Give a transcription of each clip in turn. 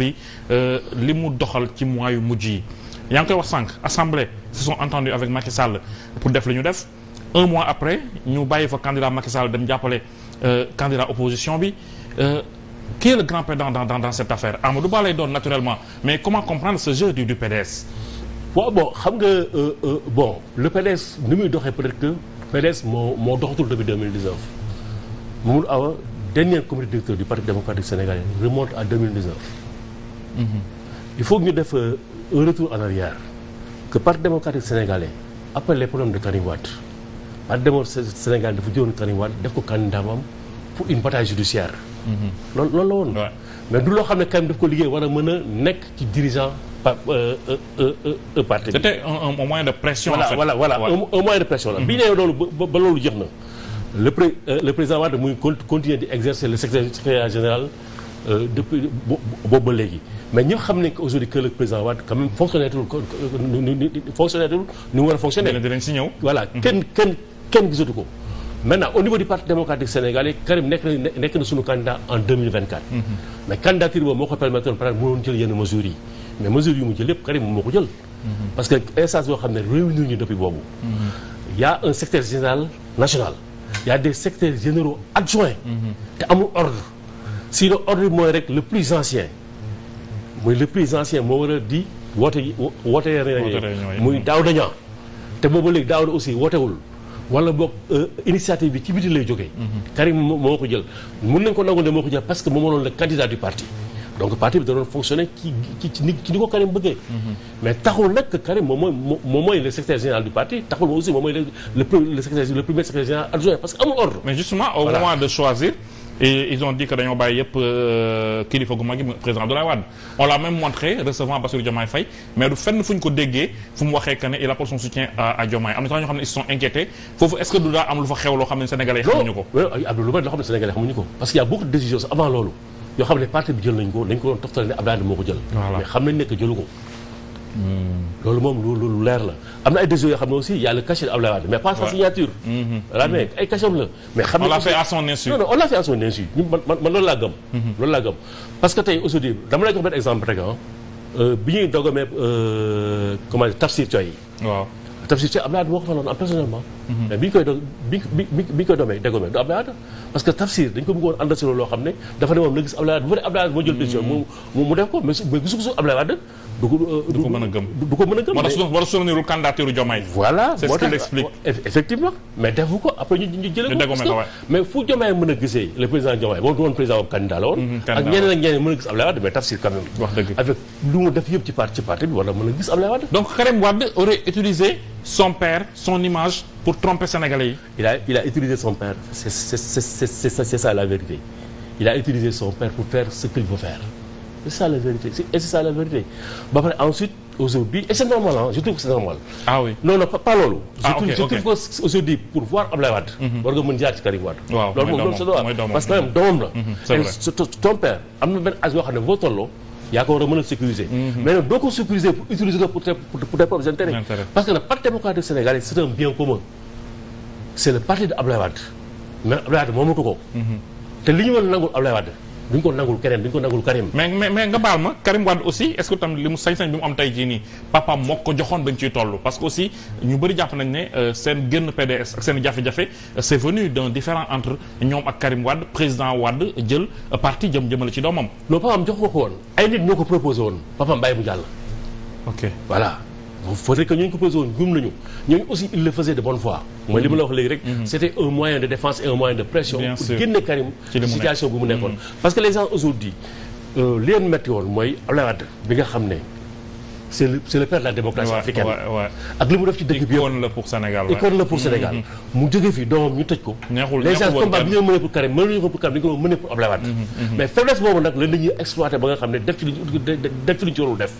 compris euh, li mu doxal ci mois yu mujj yi yaa ngi koy wax sànq assemblée se sont entendus avec Macky Sall pour def li ñu def un mois après ñu bàyyi fa candidat Macky Sall dem jàppale euh, candidat opposition bi euh, qui est le grand perdant dans dans dans cette affaire Amadou Ba lay doon naturellement mais comment comprendre ce jeu du du PDS. waaw xam nga bon le PDS ni muy doxee peut que PDS moo moo doxatul depuis 2019 Mamadou Awa dernier comité directeur du parti démocratique sénégalais remonte il faut que ñu def euh, un retour en arrière que parti démocratique sénégalais après les problèmes de Karim Wade parti démocratique sénégalais dafa jëloon Karim def ko candidat am pour une bataille mm-hmm. loolu loolu la woon. mais du loo xam ne Karim daf ko liggéey war a mën a nekk ci dirigeant par euh, euh, parti bi. c'était un moyen de pression. en fait de pression la. bi ñu nee loolu ba ba loolu jeex na. le pré le président Wade muy continuer di exercer le secrétaire général depuis boobu ba léegi. mais ñëpp xam nañ que aujourd'hui que le président Wade quand même war a fonctionner. dinañ si ñëw. Mhm. kenn kenn gisatu ko. maintenant au niveau du parti démocratique sénégalais Karim nekk na suñu candidat en mhm. mais candidature boobu moo ko permettre par exemple mënoon jël yenn mesures mais mesures yu mu jël yëpp Karim moo ko jël. Mhm. parce que instance boo xam ne réunir ñu depuis boobu. y un secrétaire général national. y a des secrétaires généraux adjoints. te amul ordre. si le ordre mooy rek mooy le présidentiel moo war a di woote woote réunion muy daaw dañaa te booba léegi daaw aussi wootewul wala boog euh, initiative bi ci biti lay jógee mhm. Karim moo ko jël mun nañ ko nangu ne moo ko jël parce que moom moo doon le candidat du parti donc parti bi da doon fonctionner ci ci ni ci ni ko Karim bëggee mhm. mais taxul nag Karim moom mooy moom mooy le secrétaire général du parti taxul moom mooy le le premier secrétaire général parce que amul ordre mais justement au moment et ils ont dit que dañoo bàyyi yëpp euh, kilifa gu mag président Abdoulaye Wade on l'a même montré recevant Bassirou Diomaye Faye mais du fenn fu ñu ko déggee fu mu waxee que ne il apporte soutien à Diomaye am na sax ñoo xam ne ils foofu est du daa am lu fa xew loo xam ne sénégalais xamuñu ko Abdou lu bari loo xam ne sénégalais xamuñu ko parce que y a beaucoup de décisions avant loolu yoo xam ne parti bi jël nañ ko dañ ko doon toftale ne Abdoulaye moo ko jël mais xam nañ nekk jëlu ko Hmm. loolu moom lu lu leer la am na ay décisions yoo xam ne aussi y a le cachet Abdoulaye Wade mais pas sa signature. Mm-hmm. Mm-hmm. la mais mm-hmm. que tey aujourd'hui dama lay jox benn exemple rek ah bi ñuy euh, moo ko faloon personnellement. mais bi ñu koy do bi bi bi ñu koy domee parce que Tafsir dañ ko bëggoon àndal si loolu loo xam ne dafa ne moom la gis Abdoulaye Wade bu moo jël décision mu def ko mais su mais gisu ko su Abdoulaye Euh, du ko mën a gëm du ko mën a gëm. wala su wala soutenirul candidature Diomaye. voilà c'est ce explique effectivement mais defu ko après ñu mën a gisee le président Diomaye boo doon président candidat la woon. Mhm, ak ñeneen mën a gis Ablaye Wade mais Tafsir quand avec lu mu def yëpp ci parti parti bi mën a gis Ablaye Wade. donc Karim Wade aurait utilisé son père son image pour tromper Sénégalais yi. il a il a utilisé son père c'est c'est c'est c'est ça la vérité il a utilisé son père pour faire c'est ça la vérité ba pare ensuite aujourd'hui et aujourd'hui pour voir Abdoulaye Wade. Mhm. war nga mën jaar ci Karim Wade. doomam la. Mhm, c'est am na benn âge xam ne boo tolloo. yaa ko war a mën a sécuriser. Mhm. mais nag doo ko sécuriser pour utiliser ko pour pour tes parce que le parti démocratique sénégalais c'est un bien commun. c'est le parti de Abdoulaye Wade mais Abdoulaye Wade moomatu ko. te li ñu mën a nangul Abdoulaye Wade ñu ko nangul Karim duñ ko nangul Karim. mais mais nga baal ma Karim Wade aussi est-ce que tam li mu sañ-sañ bi mu am tey jii nii papaam moo ko joxoon dañ ciy toll parce que aussi ñu bëri jàpp nañ ne euh, seen génn PDS ak seen jafe-jafe euh, c'est venu d'un différend entre ñoom ak Karim Wade président Wade jël euh, parti jëm jëmale ci doomam. non papaam jox ko ko woon ay nit ñoo ko proposé woon papaam bàyyi mu jàll. ok voilà. il faudrait que ñooñu ko posé woon gëm nañu ñooñu aussi il le faisait de bonne foi. mooy li ma la wax léegi rek. Mm-hmm. pour Karim li mm-hmm. euh, nga xam ne c' de la démocratie li mu def bi yëpp icône la pour Sénégal icône la pour mm-hmm. ko. neexul les gens combat mënee pour Karim mënuñu ko mënee pour Abdoulaye Wade. mais faiblesse boobu nag la nit ñi ba nga xam ne def ci li def ci li ñu ci warul def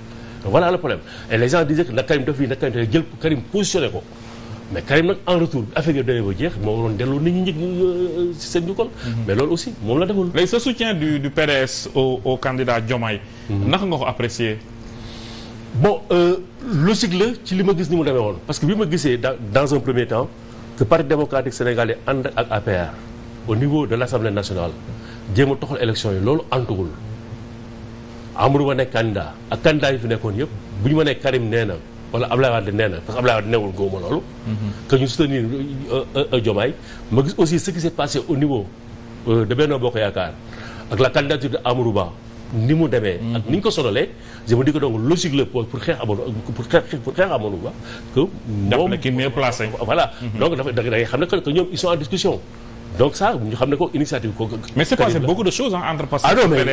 voilà le problème et les gens disaient que nag Karim def lii nag Karim def jël Karim positionné ko mais Karim nag en retour bi affaire yooyu demee ba jeex moo waroon delloo nit ñi njëkk euh, seen njukkoon mhm. mais loolu aussi moom la deful léegi ce soutien du du PDS au au jomaay Diomaye mhm. nga ko apprécier bon euh, logique la ci li ma gis ni mu demee woon parce que bi ma gisee dans un premier temps que parti démocratique sénégalais ànd ak APR au niveau de l' assemblée nationale jéem a toxal élection yi loolu antugul Amadou ma nekk candidat ak candidat yi fi nekkoon yëpp bu ñu ma nekk Karim nee na wala Ablaye Wade nee na parce que Ablaye Wade newul góob ma loolu. Mhm. Euh, euh, ma gis aussi ce qui s'est passé au niveau euh, de Benno Bokk Yaakaar ak la candidature de Amadou Ba ni mu demee. Mhm. ak ni ñu ko sonalee je me pour pour xeex Amadou pour xeex pour xeex Amadou daf la kii mieux mhm. xam ne que ñoom ils sont en discussion. donc ça ñu xam ne ko initiative ko mais c'est passé beaucoup de choses entre ah euh, passé ah beneen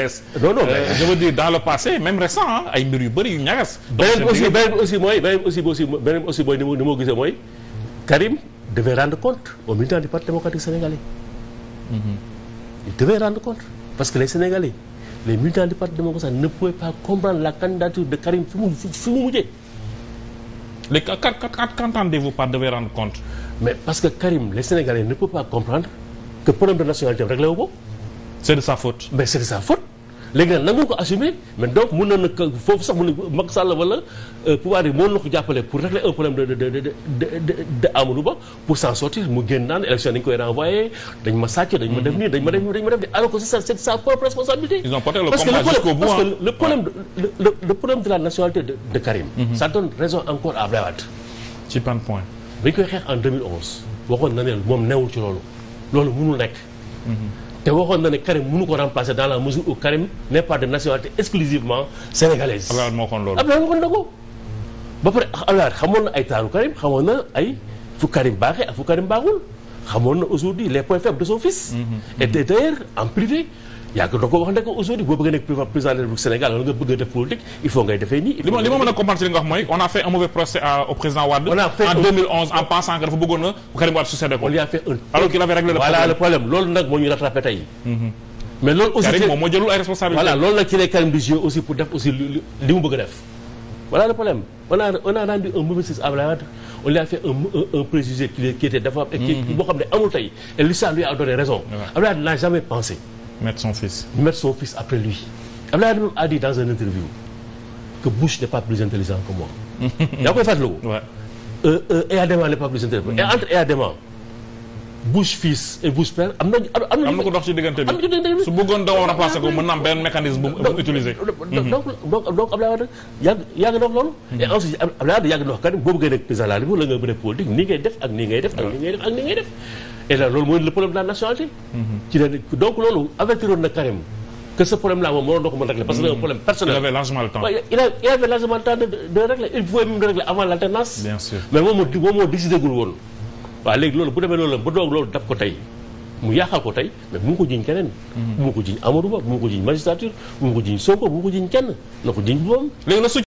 aussi beneen aussi mooy mooy ni mooy Karim devait rendre compte aux militants du Parti démocratique sénégalais il rendre compte parce que les Sénégalais les militants du Parti démocratique ne pouvaient pas comprendre la candidature de Karim fi mu fi mu mujjee les qu'entendez-vous par devait rendre compte mais parce que Karim les Sénégalais ne peuvent pas comprendre que problème de nationalité bi parce que le problème de la nationalité de de Karim. Mm-hmm. ça donne raison encore à Abdoulaye ci ban point. bi koy xeex en waxoon na ne moom newul ci loolu. loolu mënul nekk. Mhm. te waxoon na ne Karim mënu ko remplacer dans la mesure où Karim n'est pas de nationalité exclusivement sénégalaise. Abdoulaye moo xoon loolu Abdoulaye waxoon na ko. ba pare Abdoulaye xamoon na ay taaru Karim xamoon na ay fu Karim baaxee ak fu Karim baaxul xamoon na aujourd'hui les points faibles de son fils. Mhm. et d'ailleurs en privé. yàgg na ko wax ne aujourd'hui boo bëgg nekk président de la Sénégal wala nga bëgg def politique il faut ngay defee nii. li ma li ma a li nga wax mooy on a fait un mauvais procès au président Wade. a fait en 2011 en pensant que dafa bëggoon na Karim Wade succédé ko. on a fait un alors qu'il avait réglé le nag moo ñu rattrapé tey. Mhm. mais loolu aussi Karim moo jëlul def aussi le problème on a on a rendu un mauvais service on lui a fait un préjugé qui était dafa. Mhm. boo xam ne Mettre son fils. Mettre son fils après lui. Abdoulaye Wade a dit dans un interview que Bush n'est pas plus intelligent que moi. yaa koy fàttaliku. waaw. Eyadema euh, euh, n'est pas plus intelligent. et entre Eyadema Bush fils et Bush père am nañu am na ko dox ci diggante bi su bëggoon dawoo repassé ko mën na am benn bu mu utilisé. Mhm. donc donc donc Abdoulaye yàgg yàgg loolu. et ensuite yàgg na wax mhm. boobu ngay a problème la nationalité. Mhm. ci la donc loolu avertiroon na Karim que ce problème là moom waroon na ko mën a régler parce que c'est problème personnel. moo moo décidé woon. waaw léegi loolu bu demee loolu ba doog loolu dab ko tey mu yaaxal ko tey mais bu mu ko jiñ keneen mm-hmm. bu mu ko jiñ Amadou Ba bu ko jiñ magistrature bu mu ko jiñ Sonko bu mu ko jiñ kenn na ko jiñ boobam